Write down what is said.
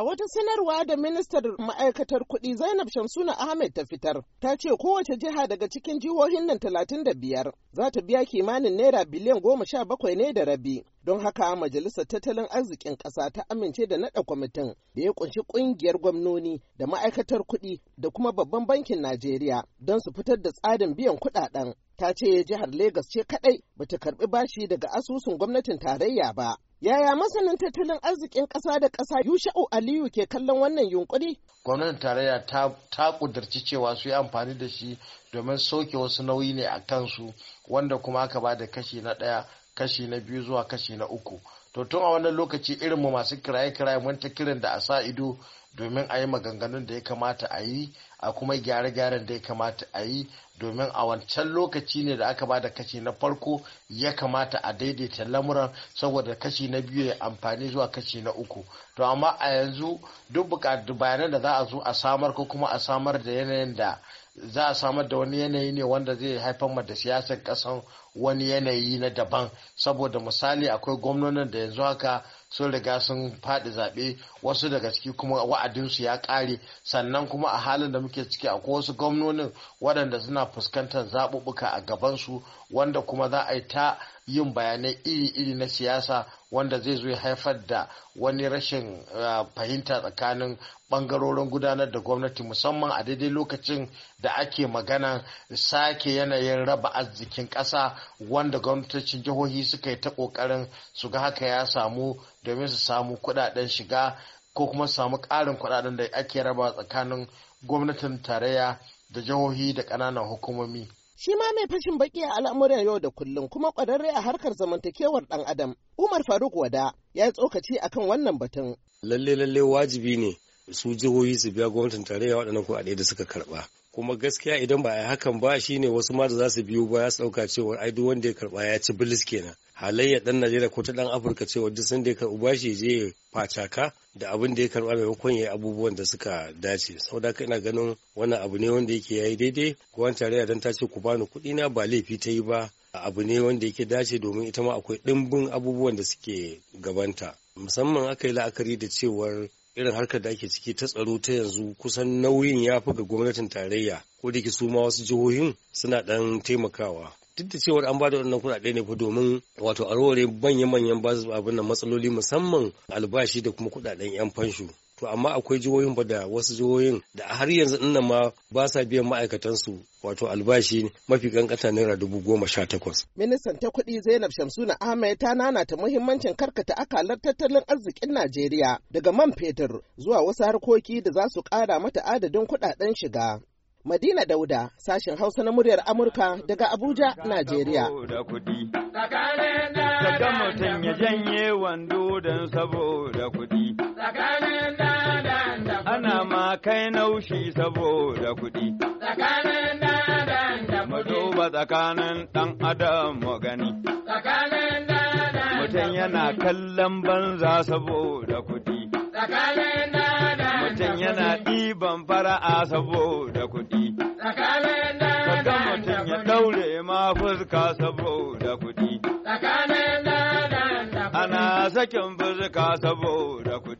A wata sanarwa da ministar ma'aikatar kuɗi Zainab Shamsuna Ahmed ta fitar, ta ce kowace jiha daga cikin jihohin nan talatin da biyar za ta biya kimanin naira biliyan goma sha bakwai ne da rabi. Don haka Majalisar Tattalin Arzikin Ƙasa ta amince da naɗa kwamitin da ya ƙunshi ƙungiyar gwamnoni da ma'aikatar kuɗi da kuma babban bankin Najeriya don su fitar da tsarin biyan kuɗaɗen. Ta ce jihar Legas ce kaɗai bata karɓi bashi daga asusun gwamnatin tarayya ba. Yaya masanin tattalin arzikin ƙasa da ƙasa Yusha'u Aliyu ke kallon wannan yunkuri? Gwamnatin tarayya ta kudurci cewa su yi amfani da shi domin soke wasu nauyi ne a kansu wanda kuma aka ba da kashi na ɗaya kashi na biyu zuwa kashi na uku to tun a wannan lokaci irin mu masu kiraye-kiraye mun ta kiran da a sa ido domin a yi maganganun da ya kamata a yi a kuma gyare gyaran da ya kamata a yi domin a wancan lokaci ne da aka bada kashi na farko ya kamata a daidaita lamuran saboda kashi na biyu ya amfani zuwa kashi na uku to amma a yanzu duk bukatu bayanan da za a zo a samar ko kuma a samar da yanayin da za a samar da wani yanayi ne wanda zai haifar da siyasar kasan wani yanayi na daban saboda misali akwai gwamnonin da yanzu haka sun riga sun faɗi zaɓe wasu daga ciki kuma wa'adinsu ya ƙare sannan kuma a halin da muke ciki akwai wasu gwamnonin waɗanda suna fuskantar zaɓuɓɓuka a gabansu wanda kuma za a yi ta yin bayanai iri-iri na siyasa wanda zai zo haifar da wani rashin eh, fahimta tsakanin ɓangarorin gudanar da gwamnati musamman a daidai lokacin da ake magana sake yanayin raba arzikin ƙasa wanda gwamnatocin jihohi suka yi ta ƙoƙarin su ga haka ya samu domin su samu kudaden shiga ko kuma su samu karin kudaden da ake raba tsakanin gwamnatin tarayya da jihohi da ƙananan hukumomi. Shi ma mai fashin baki a al'amuran yau da kullum kuma kwararre a harkar zamantakewar dan adam. Umar Faruk Wada ya yi tsokaci akan wannan batun. Lalle lalle wajibi ne su jihohi su biya gwamnatin tarayya waɗannan kuɗaɗe da suka karɓa. kuma gaskiya idan ba a yi hakan ba shine wasu ma da za su biyo baya su sauka cewa ai duk wanda ya karɓa ya ci bilis kenan halayya dan Najeriya ko ta dan Afirka cewa duk sun da ya karɓi bashi je facaka da abin da ya karɓa makon ya abubuwan da suka dace saboda ka ina ganin wannan abu ne wanda yake yayi daidai wani tarayya dan ta ce ku bani kuɗi na ba laifi ta yi ba abu ne wanda yake dace domin ita ma akwai ɗimbin abubuwan da suke gabanta musamman aka yi la'akari da cewar irin harkar da ake ciki ta tsaro ta yanzu kusan nauyin ya fi ga gwamnatin tarayya ko da ke su ma wasu jihohin suna ɗan taimakawa duk da cewar an ba da wannan kuɗaɗe ne fa domin wato a rore manya-manyan ba su abin nan matsaloli musamman albashi da kuma kuɗaɗen 'yan fansho to amma akwai jihohin ba da wasu jihohin da har yanzu nan ma ba sa biyan ma'aikatansu wato albashi mafi kankanta naira dubu goma sha takwas. Ministan ta kuɗi Zainab Shamsuna Ahmed ta nanata muhimmancin karkata akalar tattalin arzikin Najeriya daga man fetur zuwa wasu harkoki da za su ƙara mata adadin kuɗaɗen shiga. Madina Dauda, sashen Hausa na muryar Amurka daga Abuja, Najeriya. mutum ya janye Ana ma naushi saboda kuɗi. Mu duba tsakanin ɗan adam mu Mutum yana kallon banza saboda kuɗi. yana ɗiban fara'a saboda kuɗi. Kaga mutum ya ɗaure ma fuska saboda kuɗi. Ana sakin fuska saboda kuɗi.